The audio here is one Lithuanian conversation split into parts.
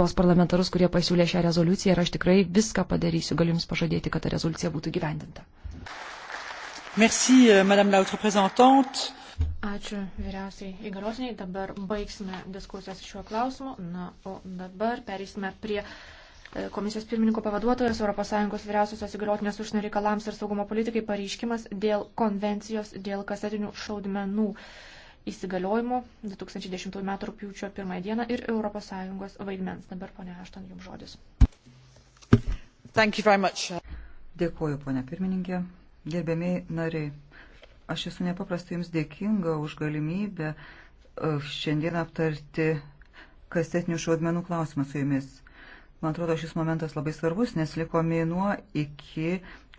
tuos parlamentarus, kurie pasiūlė šią rezoliuciją ir aš tikrai viską padarysiu, galiu Jums pažadėti, kad ta rezoliucija būtų gyvendinta. Merci, euh, Madame la Haute Représentante. Ačiū vyriausiai įgaliotiniai. Dabar baigsime diskusijas šiuo klausimu. Na, o dabar perėsime prie e, komisijos pirmininko pavaduotojas ES vyriausiosios įgaliotinės užsienio reikalams ir saugumo politikai pareiškimas dėl konvencijos dėl kasetinių šaudmenų įsigaliojimo 2010 m. rūpiučio 1 dieną ir ES vaidmens. Dabar, ponia Aštan, jums žodis. Dėkuoju, ponia pirmininkė. Gerbėmiai nariai, aš esu nepaprastai jums dėkinga už galimybę uh, šiandien aptarti kasetinių šaudmenų klausimą su jumis. Man atrodo, šis momentas labai svarbus, nes liko mėnuo iki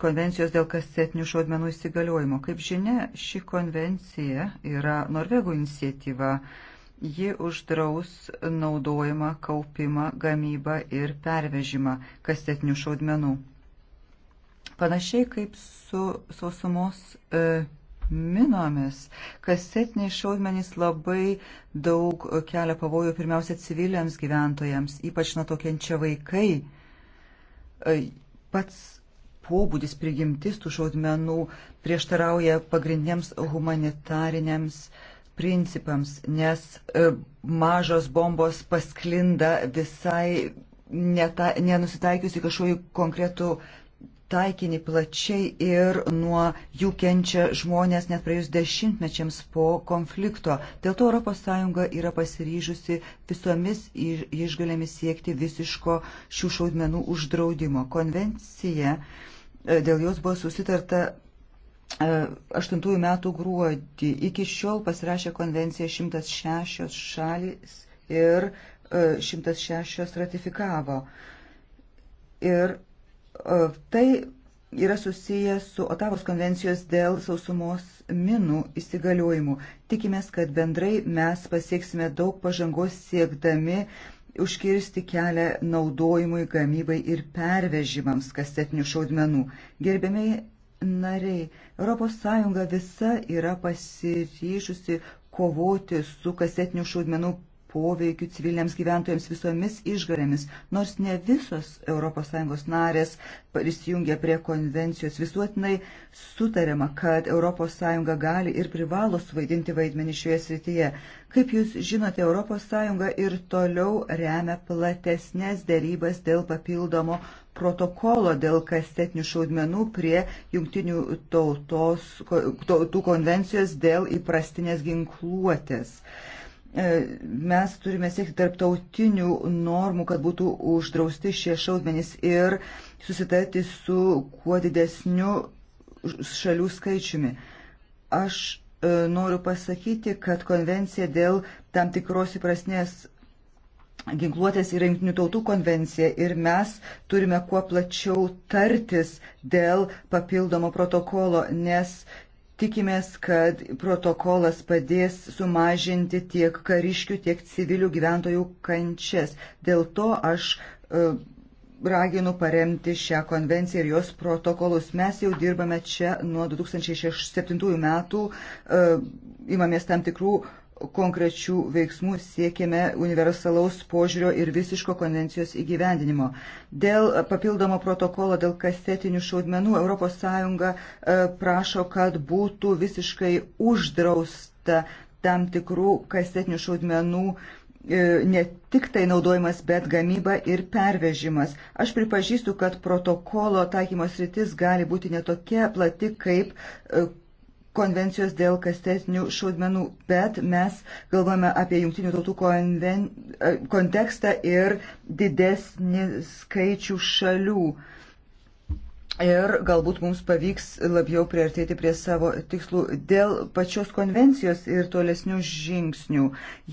konvencijos dėl kasetinių šaudmenų įsigaliojimo. Kaip žinia, ši konvencija yra Norvegų iniciatyva. Ji uždraus naudojimą, kaupimą, gamybą ir pervežimą kasetinių šaudmenų. Panašiai kaip su sausumos e, minomis. Kasetiniai šaudmenys labai daug kelia pavojų pirmiausia civiliams gyventojams, ypač nuo to kenčia vaikai. E, pats pobūdis prigimtis tų šaudmenų prieštarauja pagrindiniams humanitariniams principams, nes e, mažos bombos pasklinda visai neta, nenusitaikiusi kažkokį konkretų taikinį plačiai ir nuo jų kenčia žmonės net praėjus dešimtmečiams po konflikto. Dėl to ES yra pasiryžusi visomis išgalėmis siekti visiško šių šaudmenų uždraudimo. Konvencija e, dėl jos buvo susitarta 8 e, metų gruodį. Iki šiol pasirašė konvenciją 106 šalis ir 106 e, ratifikavo. Ir E, tai yra susijęs su Otavos konvencijos dėl sausumos minų įsigaliojimu. Tikimės, kad bendrai mes pasieksime daug pažangos siekdami užkirsti kelią naudojimui, gamybai ir pervežimams kasetinių šaudmenų. Gerbiamiai nariai, ES visa yra pasiryžusi kovoti su kasetinių šaudmenų poveikiu civiliniams gyventojams visomis išgarėmis, nors ne visos ES narės prisijungia prie konvencijos visuotinai sutariama, kad ES gali ir privalo suvaidinti vaidmenį šioje srityje. Kaip jūs žinote, ES ir toliau remia platesnės dėrybas dėl papildomo protokolo dėl kasetinių šaudmenų prie jungtinių tautos, tautų konvencijos dėl įprastinės ginkluotės. Uh, E, mes turime siekti tarptautinių normų, kad būtų uždrausti šie šaudmenys ir susitarti su kuo didesniu šalių skaičiumi. Aš e, noriu pasakyti, kad konvencija dėl tam tikros įprasnės ginkluotės yra jungtinių tautų konvencija ir mes turime kuo plačiau tartis dėl papildomo protokolo, nes Tikimės, kad protokolas padės sumažinti tiek kariškių, tiek civilių gyventojų kančias. Dėl to aš uh, raginu paremti šią konvenciją ir jos protokolus. Mes jau dirbame čia nuo 2007 metų, uh, imamės tam tikrų uh, konkrečių veiksmų siekėme universalaus požiūrio ir visiško konvencijos įgyvendinimo. Dėl papildomo protokolo dėl kasetinių šaudmenų ES e, prašo, kad būtų visiškai uždrausta tam tikrų kasetinių šaudmenų e, ne tik tai naudojimas, bet gamyba ir pervežimas. Aš pripažįstu, kad protokolo taikymos rytis gali būti netokia plati kaip e, konvencijos dėl kastetinių šaudmenų, bet mes galvojame apie jungtinių tautų konven... E, kontekstą ir didesnį skaičių šalių. Uh, ir galbūt mums pavyks labiau priartėti prie savo tikslų dėl pačios konvencijos ir tolesnių žingsnių.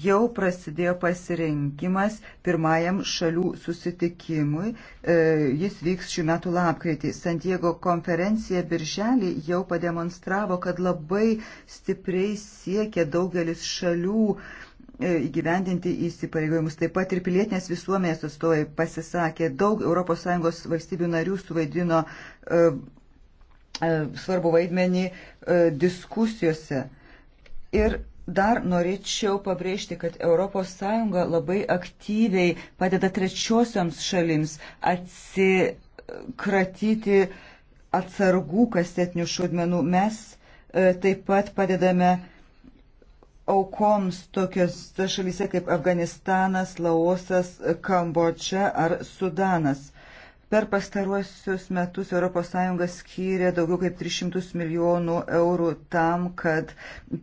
Jau prasidėjo pasirinkimas pirmajam šalių susitikimui. E, jis vyks šių metų lapkritį. Santiago konferencija birželį jau pademonstravo, kad labai stipriai siekia daugelis šalių E, įgyvendinti įsipareigojimus. Taip pat ir pilietinės visuomenės atstovai pasisakė, daug ES valstybių narių suvaidino e, e, svarbu vaidmenį diskusijose. Ir dar norėčiau pabrėžti, kad ES labai aktyviai padeda trečiosioms šalims atsikratyti atsargų kasetinių šaudmenų. Mes taip pat padedame uh, aukoms tokiose šalyse kaip Afganistanas, Laosas, Kambodža ar Sudanas. Per pastaruosius metus ES skyrė daugiau kaip 300 milijonų eurų tam, kad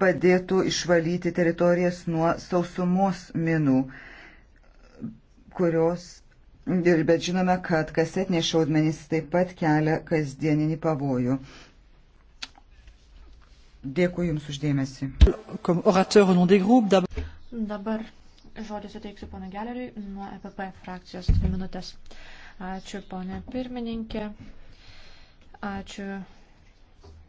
padėtų išvalyti teritorijas nuo sausumos minų, kurios ir bet žinome, kad kasetinės šaudmenys taip pat kelia kasdieninį pavojų. Dėkui Jums uždėmesi. Dabar žodį suteiksiu pana Geleriui nuo EPP frakcijos dvi minutės. Ačiū, ponė pirmininkė. Ačiū,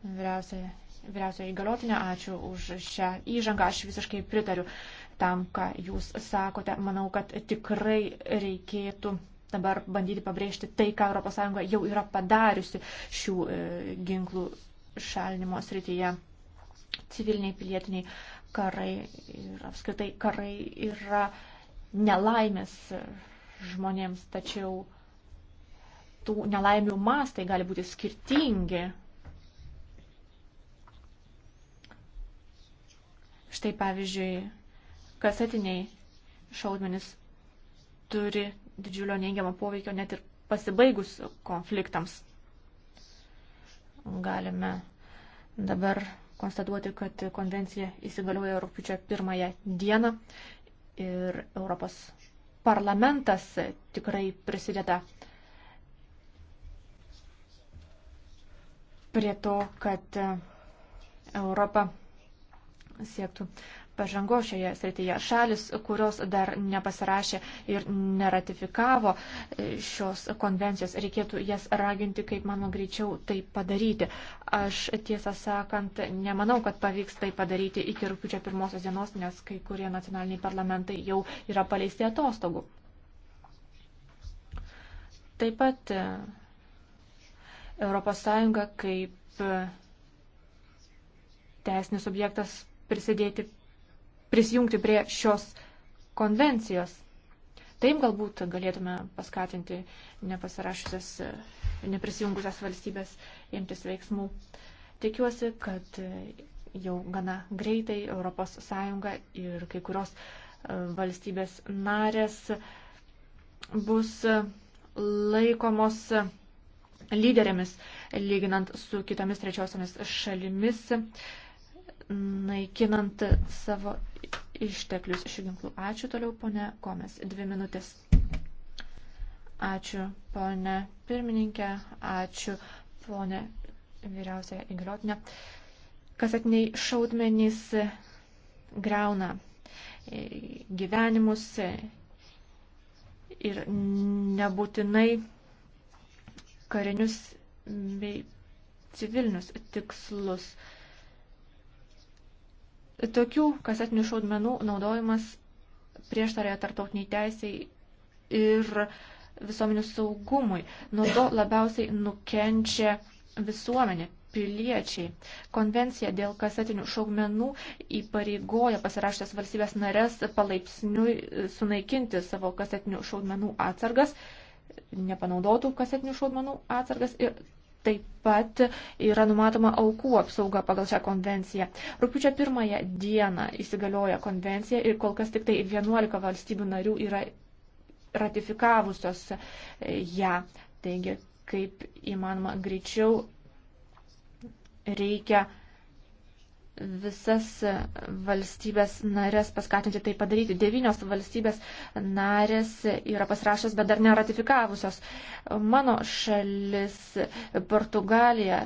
vyriausiai, vyriausiai įgaliotinė. Ačiū už šią įžangą. Aš visiškai pritariu tam, ką Jūs sakote. Manau, kad tikrai reikėtų dabar bandyti pabrėžti tai, ką ES jau yra padariusi šių e, ginklų šalinimo srityje civiliniai pilietiniai karai ir apskritai karai yra nelaimės žmonėms, tačiau tų nelaimių mastai gali būti skirtingi. Štai pavyzdžiui, kasetiniai šaudmenys turi didžiulio neigiamo poveikio net ir pasibaigus konfliktams. Galime dabar konstatuoti, kad konvencija įsigaliojo rūpiučio pirmąją dieną ir Europos parlamentas tikrai prisideda prie to, kad Europa siektų pažango šioje srityje. Šalis, kurios dar nepasirašė ir neratifikavo e, šios konvencijos, reikėtų jas raginti, kaip mano greičiau, tai padaryti. Aš tiesą sakant, nemanau, kad pavyks tai padaryti iki rūpiučio pirmosios dienos, nes kai kurie nacionaliniai parlamentai jau yra paleisti atostogų. Taip pat ES kaip e, teisinis objektas prisidėti prisijungti prie šios konvencijos. Taip galbūt galėtume paskatinti nepasirašusias, neprisijungusias valstybės imtis veiksmų. Tikiuosi, kad jau gana greitai ES ir kai kurios e, valstybės narės bus laikomos lyderėmis lyginant su kitomis trečiosiamis šalimis naikinant savo išteklius šių ginklų. Ačiū toliau, ponė Komes. Dvi minutės. Ačiū, ponė pirmininkė. Ačiū, ponė vyriausioje įgaliotinė. Kasetiniai šaudmenys greuna gyvenimus ir nebūtinai karinius bei civilinius tikslus. Tokių kasetinių šaudmenų naudojimas prieštarėja tartautiniai teisiai ir visuomenių saugumui. Nuo to labiausiai nukenčia visuomenė, piliečiai. Konvencija dėl kasetinių šaudmenų įpareigoja pasirašęs valstybės narės palaipsniui sunaikinti savo kasetinių šaudmenų atsargas nepanaudotų kasetinių šaudmenų atsargas ir Taip pat yra numatoma aukų apsauga pagal šią konvenciją. Rūpiučio pirmąją dieną įsigalioja konvencija ir kol kas tik tai 11 valstybių narių yra ratifikavusios e, ją. Taigi, kaip įmanoma greičiau reikia visas valstybės narės paskatinti tai padaryti. Devynios valstybės narės yra pasirašęs, bet dar neratifikavusios. Mano šalis, Portugalija,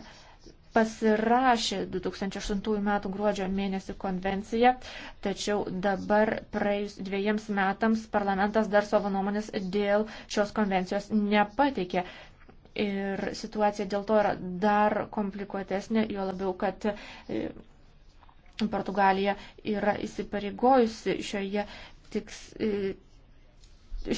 pasirašė 2008 m. gruodžio mėnesį konvenciją, tačiau dabar praėjus dviejiems metams parlamentas dar savo nuomonės dėl šios konvencijos nepateikė. Ir situacija dėl to yra dar komplikuotesnė, jo labiau, kad Portugalija yra įsipareigojusi šioje tiks, e,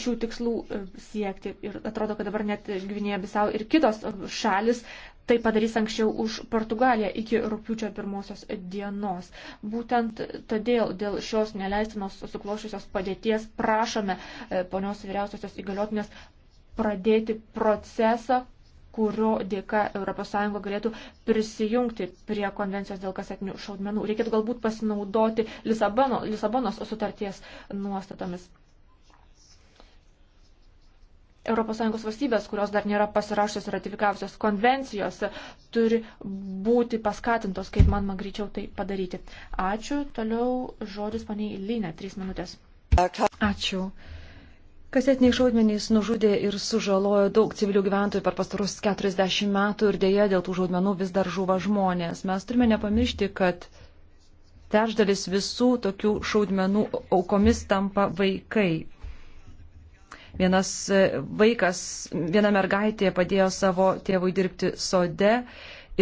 šių tikslų e, siekti. Ir atrodo, kad dabar net Gvinėja Bisau ir kitos šalis tai padarys anksčiau už Portugaliją iki rūpiučio pirmosios dienos. Būtent todėl dėl šios neleistinos suklošusios padėties prašome e, ponios vyriausiosios įgaliotinės pradėti procesą, kurio dėka ES galėtų prisijungti prie konvencijos dėl kasetinių šaudmenų. Reikėtų galbūt pasinaudoti Lisabono, Lisabonos sutarties nuostatomis. ES valstybės, kurios dar nėra pasirašęs ratifikavusios konvencijos, turi būti paskatintos, kaip man man greičiau tai padaryti. Ačiū. Toliau žodis paniai Lynė, trys minutės. Ačiū. Kasetiniai šaudmenys nužudė ir sužalojo daug civilių gyventojų per pastarus 40 metų ir dėja dėl tų šaudmenų vis dar žuva žmonės. Mes turime nepamiršti, kad trečdalis visų tokių šaudmenų aukomis tampa vaikai. Vienas e, vaikas, viena mergaitė padėjo savo tėvui dirbti sode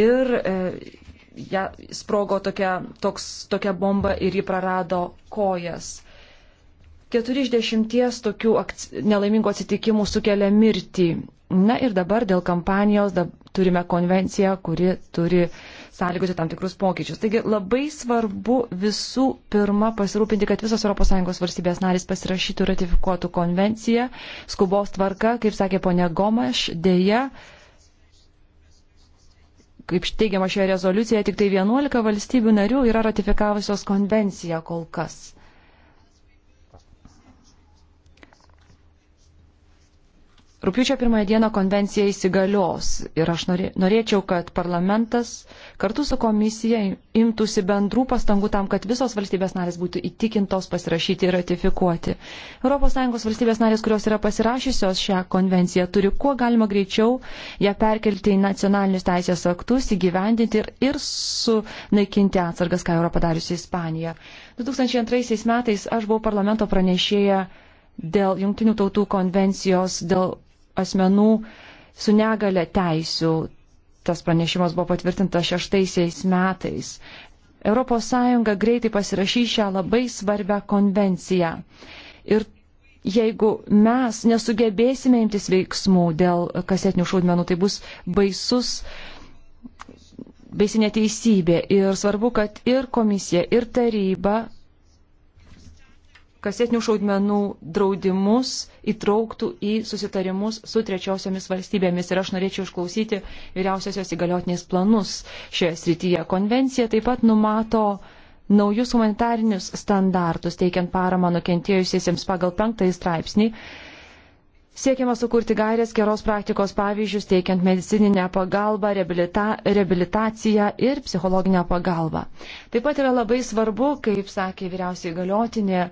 ir e, ja, sprogo tokia, toks, tokia bomba ir ji prarado kojas. Keturi iš dešimties tokių nelaimingų atsitikimų sukelia mirtį. Na ir dabar dėl kampanijos dab, turime konvenciją, kuri turi sąlygoti tam tikrus pokyčius. Taigi labai svarbu visų pirma pasirūpinti, kad visos ES valstybės narys pasirašytų ir ratifikuotų konvenciją. Skubos tvarka, kaip sakė ponia Gomaš, dėja kaip teigiama šioje rezoliucijoje, tik tai 11 valstybių narių yra ratifikavusios konvenciją kol kas. Rūpiučio pirmąją dieną konvencija įsigalios ir aš norėčiau, kad parlamentas kartu su komisija imtųsi bendrų pastangų tam, kad visos valstybės narės būtų įtikintos pasirašyti ir ratifikuoti. ES valstybės narės, kurios yra pasirašysios šią konvenciją, turi kuo galima greičiau ją perkelti į nacionalinius teisės aktus, įgyvendinti ir, ir sunaikinti atsargas, ką yra padariusi Ispanija. 2002 metais aš buvau parlamento pranešėja dėl Junktinių tautų konvencijos dėl asmenų su negale teisių. Tas pranešimas buvo patvirtintas šeštaisiais metais. ES greitai pasirašys šią labai svarbę konvenciją. Ir jeigu mes nesugebėsime imtis veiksmų dėl kasetinių šaudmenų, tai bus baisus, baisi neteisybė. Ir svarbu, kad ir komisija, ir taryba kasetinių šaudmenų draudimus įtrauktų į susitarimus su trečiosiomis valstybėmis. Ir aš norėčiau išklausyti vyriausiosios įgaliotinės planus šioje srityje. Konvencija taip pat numato naujus humanitarinius standartus, teikiant paramą nukentėjusiesiems pagal penktąjį straipsnį. Siekiama sukurti gairės geros praktikos pavyzdžius, teikiant medicininę pagalbą, reabilita, reabilitaciją ir psichologinę pagalbą. Taip pat yra labai svarbu, kaip sakė vyriausiai galiotinė,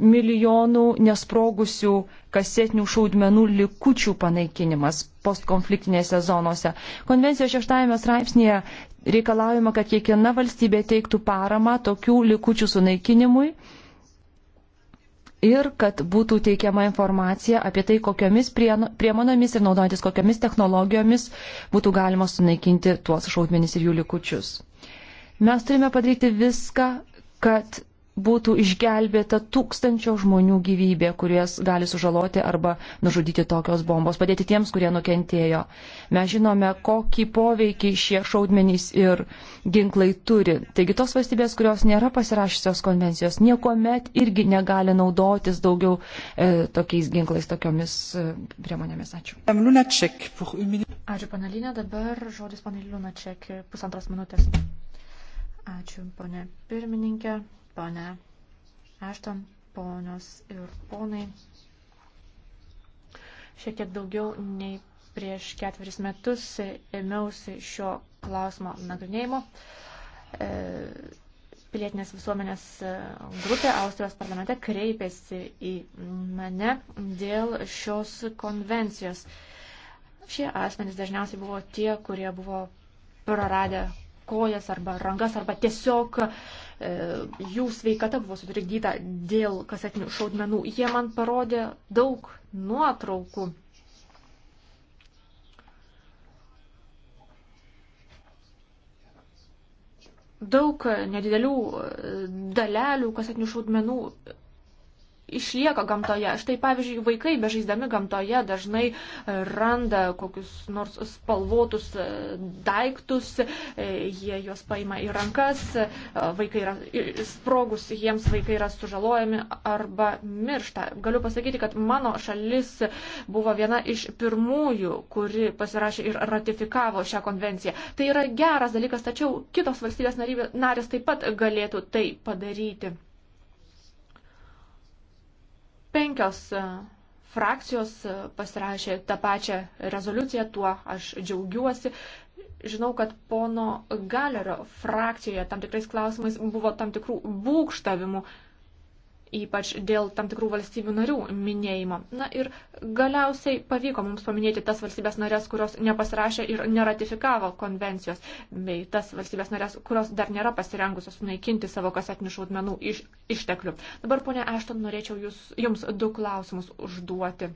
milijonų nesprogusių kasetinių šaudmenų likučių panaikinimas postkonfliktinėse zonose. Konvencijos šeštajame straipsnėje reikalaujama, kad kiekviena valstybė teiktų paramą tokių likučių sunaikinimui ir kad būtų teikiama informacija apie tai, kokiamis priemonomis ir naudojantis kokiamis technologijomis būtų galima sunaikinti tuos šaudmenis ir jų likučius. Mes turime padaryti viską, kad būtų išgelbėta tūkstančio žmonių gyvybė, kurias gali sužaloti arba nužudyti tokios bombos, padėti tiems, kurie nukentėjo. Mes žinome, kokį poveikį šie šaudmenys ir ginklai turi. Taigi tos valstybės, kurios nėra pasirašysios konvencijos, niekuomet irgi negali naudotis daugiau e, tokiais ginklais, tokiomis e, priemonėmis. Ačiū. Ačiū, panelinė. Dabar žodis panelinė Lunaček, pusantros minutės. Ačiū, ponė pirmininkė pane Ešton, ponios ir ponai. Šiek tiek daugiau nei prieš ketveris metus ėmiausi šio klausimo nagrinėjimo. E, pilietinės visuomenės grupė Austrijos parlamente kreipėsi į mane dėl šios konvencijos. Šie asmenys dažniausiai buvo tie, kurie buvo praradę kojas arba rankas, arba tiesiog e, jų sveikata buvo sutrikdyta dėl kasetinių šaudmenų. Jie man parodė daug nuotraukų. Daug nedidelių e, dalelių kasetinių šaudmenų išlieka gamtoje. Štai pavyzdžiui, vaikai bežaisdami gamtoje dažnai e, randa kokius nors spalvotus e, daiktus, e, jie juos paima į rankas, vaikai yra sprogus, jiems vaikai yra sužalojami arba miršta. Galiu pasakyti, kad mano šalis buvo viena iš pirmųjų, kuri pasirašė ir ratifikavo šią konvenciją. Tai yra geras dalykas, tačiau kitos valstybės narės taip pat galėtų tai padaryti. Penkios e, frakcijos e, pasirašė tą pačią rezoliuciją, tuo aš džiaugiuosi. Žinau, kad pono Galerio frakcijoje tam tikrais klausimais buvo tam tikrų būkštavimų ypač dėl tam tikrų valstybių narių minėjimo. Na ir galiausiai pavyko mums paminėti tas valstybės narės, kurios nepasirašė ir neratifikavo konvencijos, bei tas valstybės narės, kurios dar nėra pasirengusios sunaikinti savo kasetinių šaudmenų iš, išteklių. Dabar, ponia Ešton, norėčiau jūs, jums du klausimus užduoti.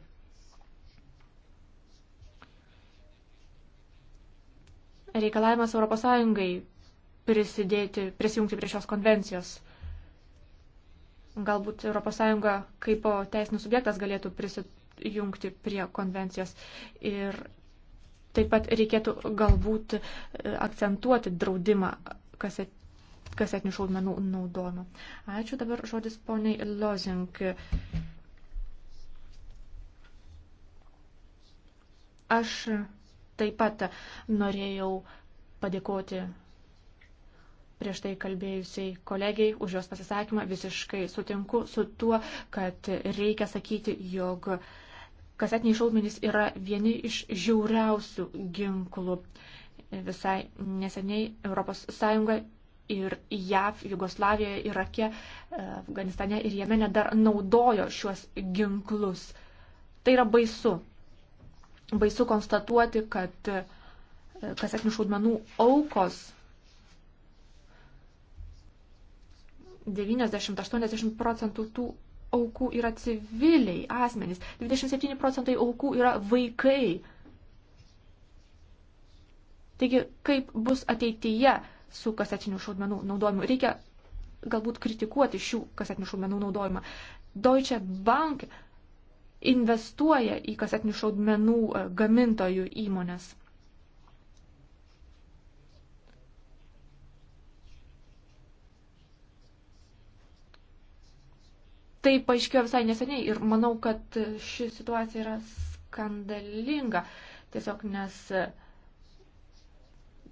Reikalavimas ES prisidėti, prisijungti prie šios konvencijos. Galbūt ES kaip teisinis subjektas galėtų prisijungti prie konvencijos. Ir taip pat reikėtų galbūt e, akcentuoti draudimą kaset, kasetinių šaudmenų naudojimą. Ačiū dabar žodis poniai Lozink. Aš taip pat norėjau padėkoti prieš tai kalbėjusiai kolegiai už jos pasisakymą. Visiškai sutinku su tuo, kad reikia sakyti, jog kasetiniai šaudmenys yra vieni iš žiauriausių ginklų. Visai neseniai ES ir JAV, Jugoslavijoje, Irake, Afganistane ir Jemene dar naudojo šiuos ginklus. Tai yra baisu. Baisu konstatuoti, kad kasetinių šaudmenų aukos 90-80 procentų tų aukų yra civiliai asmenys, 27 procentai aukų yra vaikai. Taigi, kaip bus ateityje su kasetinių šaudmenų naudojimu? Reikia galbūt kritikuoti šių kasetinių šaudmenų naudojimą. Deutsche Bank investuoja į kasetinių šaudmenų e, gamintojų įmonės. tai paaiškėjo visai neseniai ir manau, kad ši situacija yra skandalinga. Tiesiog nes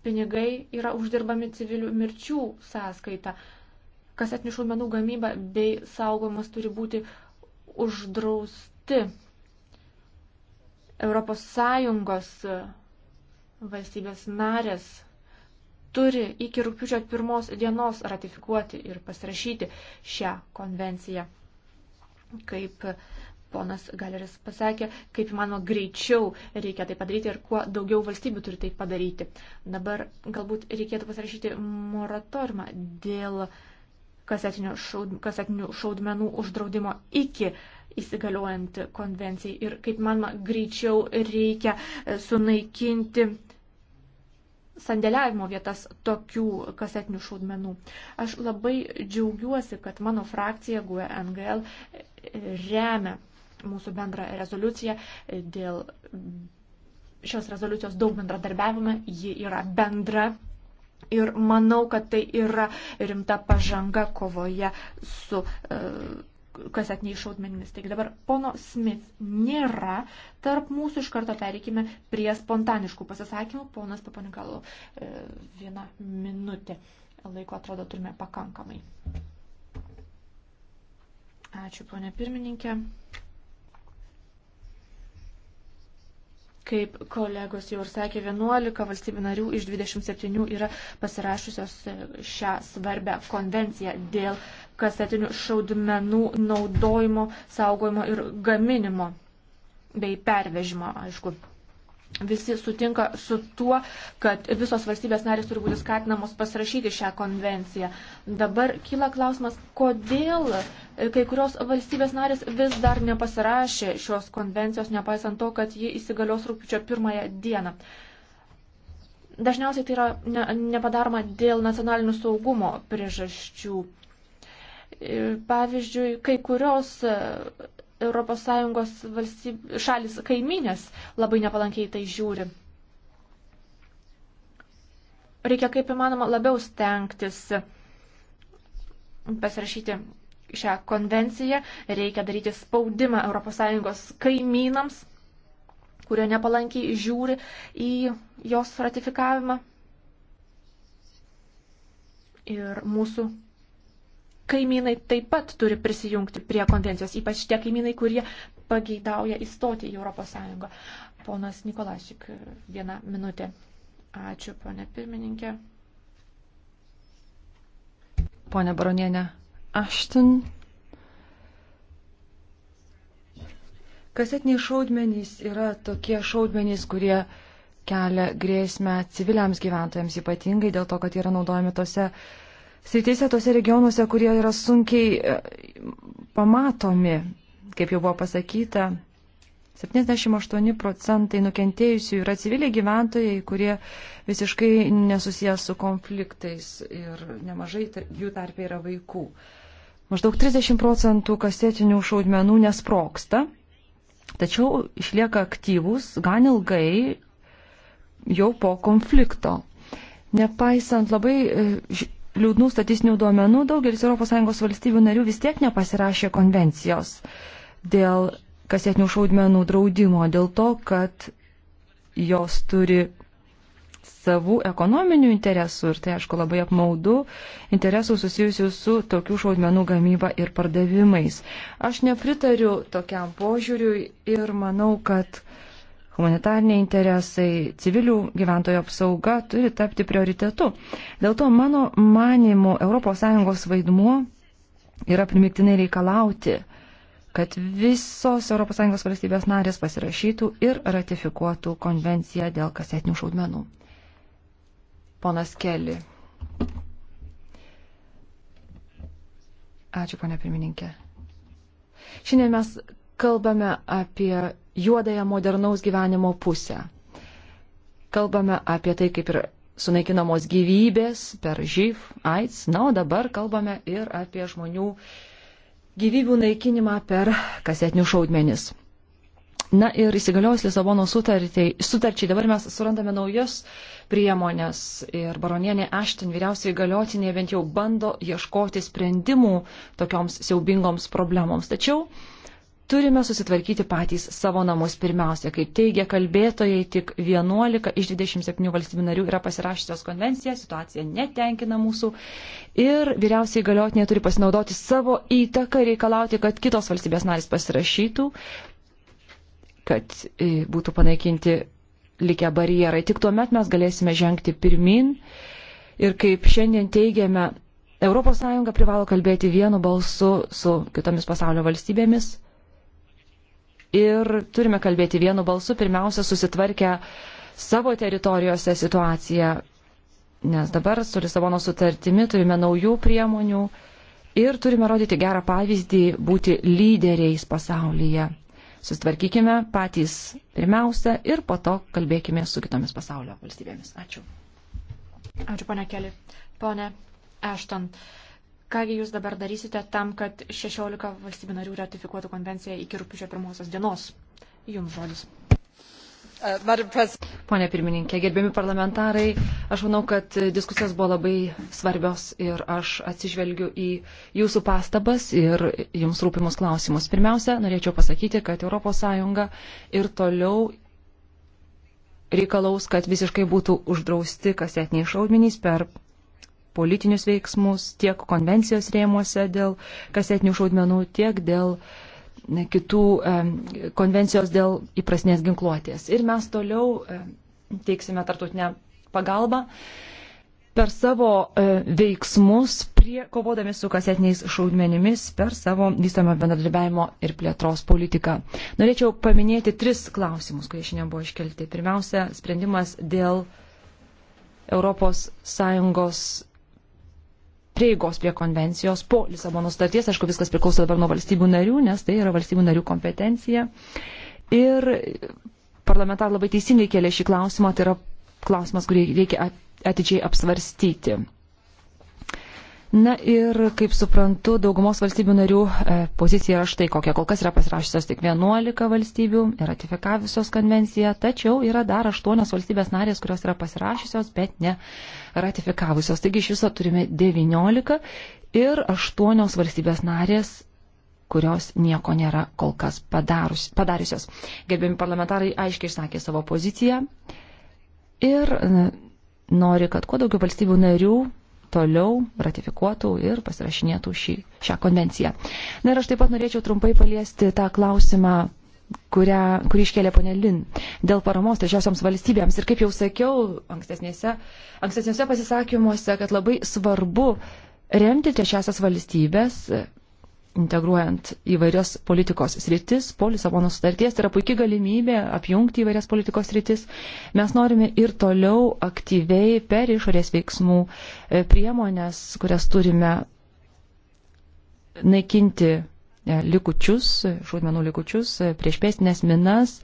pinigai yra uždirbami civilių mirčių sąskaita. Kasetinių šaumenų gamyba bei saugomas turi būti uždrausti. Europos Sąjungos valstybės narės turi iki rūpiučio pirmos dienos ratifikuoti ir pasirašyti šią konvenciją kaip ponas Galeris pasakė, kaip įmanoma greičiau reikia tai padaryti ir kuo daugiau valstybių turi tai padaryti. Dabar galbūt reikėtų pasirašyti moratoriumą dėl kasetinių, šaud, kasetinių šaudmenų uždraudimo iki įsigaliojant konvencijai ir kaip manoma greičiau reikia e, sunaikinti sandėliavimo vietas tokių kasetinių šaudmenų. Aš labai džiaugiuosi, kad mano frakcija GUE NGL remia mūsų bendrą rezoliuciją. Dėl šios rezoliucijos daug bendradarbiavime, ji yra bendra. Ir manau, kad tai yra rimta pažanga kovoje su e, kasetiniais šaudmenimis. Taigi dabar pono Smith nėra tarp mūsų, iš karto pereikime prie spontaniškų pasisakymų. Ponas Papanikalo, e, vieną minutę laiko atrodo turime pakankamai. Ačiū, ponė pirmininkė. Kaip kolegos jau ir sakė, 11 valstybių narių iš 27 yra pasirašusios e, šią svarbę konvenciją dėl kasetinių šaudmenų naudojimo, saugojimo ir gaminimo bei pervežimo, aišku visi sutinka su tuo, kad visos valstybės narės turi būti skatinamos pasirašyti šią konvenciją. Dabar kyla klausimas, kodėl kai kurios valstybės narės vis dar nepasirašė šios konvencijos, nepaisant to, kad ji įsigalios rūpiučio pirmąją dieną. Dažniausiai tai yra ne, nepadaroma dėl nacionalinių saugumo priežasčių. Pavyzdžiui, kai kurios ES valstyb... šalis kaiminės labai nepalankiai tai žiūri. Reikia kaip įmanoma labiau stengtis pasirašyti šią konvenciją, reikia daryti spaudimą ES kaimynams, kurie nepalankiai žiūri į jos ratifikavimą. Ir mūsų kaimynai taip pat turi prisijungti prie konvencijos, ypač tie kaimynai, kurie pageidauja įstoti į ES. Ponas Nikolašik, viena minutė. Ačiū, ponė pirmininkė. Pone Baronienė Ašten. Kasetiniai šaudmenys yra tokie šaudmenys, kurie kelia grėsmę civiliams gyventojams, ypatingai dėl to, kad yra naudojami tose uh, srityse, tose regionuose, kurie yra sunkiai e, pamatomi, kaip jau buvo pasakyta, 78 procentai nukentėjusių yra civiliai gyventojai, kurie visiškai nesusijęs su konfliktais ir nemažai jų tarpė yra vaikų. Maždaug 30 procentų kasetinių šaudmenų nesproksta, tačiau išlieka aktyvus gan ilgai jau po konflikto. Nepaisant labai e, liūdnų statistinių duomenų, daugelis ES valstybių narių vis tiek nepasirašė konvencijos dėl kasetinių šaudmenų draudimo, dėl to, kad jos turi savų ekonominių interesų ir tai, aišku, labai apmaudu, interesų susijusių su tokių šaudmenų gamyba ir pardavimais. Aš nepritariu tokiam požiūriui ir manau, kad uh, humanitariniai interesai, civilių gyventojų apsauga turi tapti prioritetu. Dėl to mano manimu ES vaidmuo yra primiktinai reikalauti, kad visos ES valstybės narės pasirašytų ir ratifikuotų konvenciją dėl kasetinių šaudmenų. Ponas Keli. Ačiū, ponia pirmininkė. Šiandien mes kalbame apie juodąją modernaus gyvenimo pusę. Kalbame apie tai, kaip ir sunaikinamos gyvybės per živ, AIDS, na, o dabar kalbame ir apie žmonių gyvybių naikinimą per kasetinius šaudmenis. Na ir įsigaliojus Lisabono sutarčiai dabar mes surandame naujus priemonės ir baronienė Ašten vyriausiai galiotinė bent jau bando ieškoti sprendimų tokioms siaubingoms problemoms. Tačiau turime susitvarkyti patys savo namus pirmiausia. Kaip teigia kalbėtojai, tik 11 iš 27 valstybių narių yra pasirašytos konvenciją, situacija netenkina mūsų ir vyriausiai galiotinė turi pasinaudoti savo įtaką ir reikalauti, kad kitos valstybės narys pasirašytų, kad e, būtų panaikinti likę barjerai. Tik tuomet mes galėsime žengti pirmin ir kaip šiandien teigiame, ES privalo kalbėti vienu balsu su kitomis pasaulio valstybėmis ir turime kalbėti vienu balsu, pirmiausia, susitvarkę savo teritorijose situaciją, nes dabar su Lisabono sutartimi turime naujų priemonių ir turime rodyti gerą pavyzdį būti lyderiais pasaulyje. Sustvarkykime patys pirmiausia ir po to kalbėkime su kitomis pasaulio valstybėmis. Ačiū. Ačiū, ponia Keli. Pone Ešton. Kągi jūs dabar darysite tam, kad 16 valstybių narių ratifikuotų konvenciją iki rūpiučio pirmosios dienos? Jums žodis. Uh, Pone pirmininkė, gerbiami parlamentarai, aš manau, kad diskusijos buvo labai svarbios ir aš atsižvelgiu į jūsų pastabas ir jums rūpimus klausimus. Pirmiausia, norėčiau pasakyti, kad ES ir toliau reikalaus, kad visiškai būtų uždrausti kasetiniai šaudmenys per politinius veiksmus tiek konvencijos rėmuose dėl kasetinių šaudmenų, tiek dėl kitų konvencijos dėl įprasnės ginkluotės. Ir mes toliau teiksime tartutinę pagalbą per savo e, veiksmus, prie, kovodami su kasetiniais šaudmenimis, per savo vystamą bendradarbiavimo ir plėtros politiką. Norėčiau paminėti tris klausimus, kurie šiandien buvo iškelti. Pirmiausia, sprendimas dėl ES prieigos prie konvencijos po Lisabono starties. Aišku, viskas priklauso dabar nuo valstybių narių, nes tai yra valstybių narių kompetencija. Ir parlamentar labai teisingai kėlė šį klausimą, tai yra klausimas, kurį reikia atidžiai apsvarstyti. Na ir, kaip suprantu, daugumos valstybių narių e, pozicija yra štai kokia. Kol kas yra pasirašysios tik 11 valstybių, ratifikavusios konvenciją, tačiau yra dar 8 valstybės narės, kurios yra pasirašysios, bet ne ratifikavusios. Taigi iš viso turime 19 ir 8 valstybės narės kurios nieko nėra kol kas padarus, padariusios. Gerbiami parlamentarai aiškiai išsakė savo poziciją ir nori, kad kuo daugiau valstybių narių toliau ratifikuotų ir pasirašinėtų šį, šią konvenciją. Na ir aš taip pat norėčiau trumpai paliesti tą klausimą kurią, kurį iškėlė ponė Lin, dėl paramos trečiosioms valstybėms. Ir kaip jau sakiau ankstesnėse, ankstesnėse pasisakymuose, kad labai svarbu remti trečiasias valstybės, integruojant įvairias politikos sritis, po Lisabonos sutarties, tai yra puikia galimybė apjungti įvairias politikos sritis. Mes norime ir toliau aktyviai per išorės veiksmų e, priemonės, kurias turime naikinti e, likučius, šaudmenų likučius, e, priešpėstinės minas.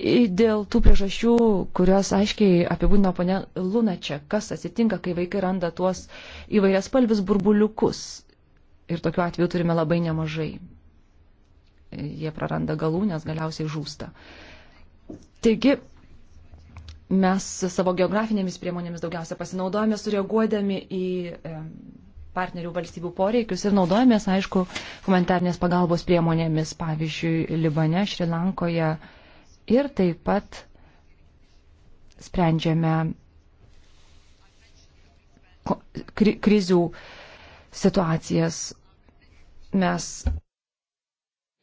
Dėl tų priežasčių, kurios aiškiai apibūdino ponė Lunačia, kas atsitinka, kai vaikai randa tuos įvairias palvis burbuliukus Ir tokiu atveju turime labai nemažai. Jie praranda galų, nes galiausiai žūsta. Taigi, mes savo geografinėmis priemonėmis daugiausia pasinaudojame, sureaguodami į e, partnerių valstybių poreikius ir naudojamės, aišku, humanitarnės pagalbos priemonėmis, pavyzdžiui, Libane, Šrilankoje ir taip pat sprendžiame krizių situacijas Mes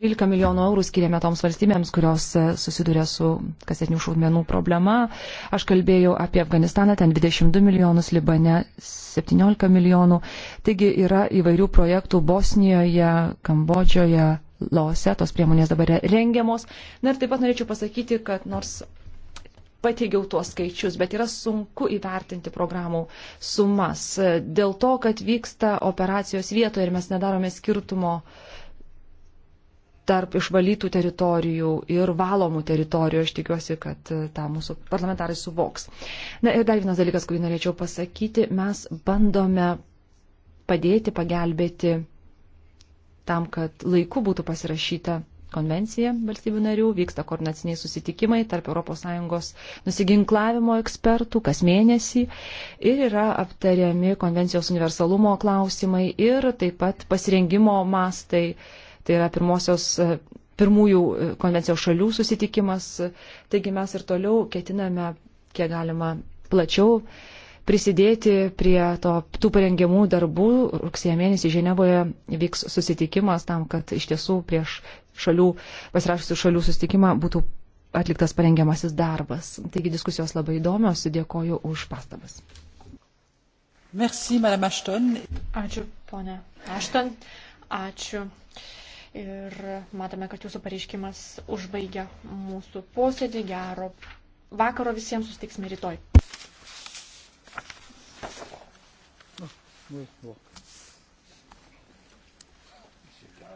12 milijonų eurų skiriame toms valstybėms, kurios e, susiduria su kasetinių šaudmenų problema. Aš kalbėjau apie Afganistaną, ten 22 milijonus, Libane 17 milijonų. Taigi yra įvairių projektų Bosnijoje, Kambodžioje, Laose, tos priemonės dabar rengiamos. Na ir taip pat norėčiau pasakyti, kad nors pateigiau tuos skaičius, bet yra sunku įvertinti programų sumas dėl to, kad vyksta operacijos vietoje ir mes nedarome skirtumo tarp išvalytų teritorijų ir valomų teritorijų. Aš tikiuosi, kad e, tą mūsų parlamentarai suvoks. Na ir dar vienas dalykas, kurį norėčiau pasakyti, mes bandome padėti, pagelbėti tam, kad laiku būtų pasirašyta konvencija valstybių narių, vyksta koordinaciniai susitikimai tarp ES nusiginklavimo ekspertų kas mėnesį ir yra aptariami konvencijos universalumo klausimai ir taip pat pasirengimo mastai, tai yra pirmosios. Pirmųjų konvencijos šalių susitikimas, taigi mes ir toliau ketiname, kiek galima plačiau, prisidėti prie to, tų parengiamų darbų. Rugsėjo mėnesį Ženevoje vyks susitikimas tam, kad iš tiesų prieš šalių, pasirašusių šalių sustikimą būtų atliktas parengiamasis darbas. Taigi diskusijos labai įdomios, dėkoju už pastabas. Merci, Madame Ashton. Ačiū, ponė Ashton. Ačiū. Ir matome, kad jūsų pareiškimas užbaigia mūsų posėdį. Gero vakaro visiems susitiksime rytoj. Oh, oui, bon.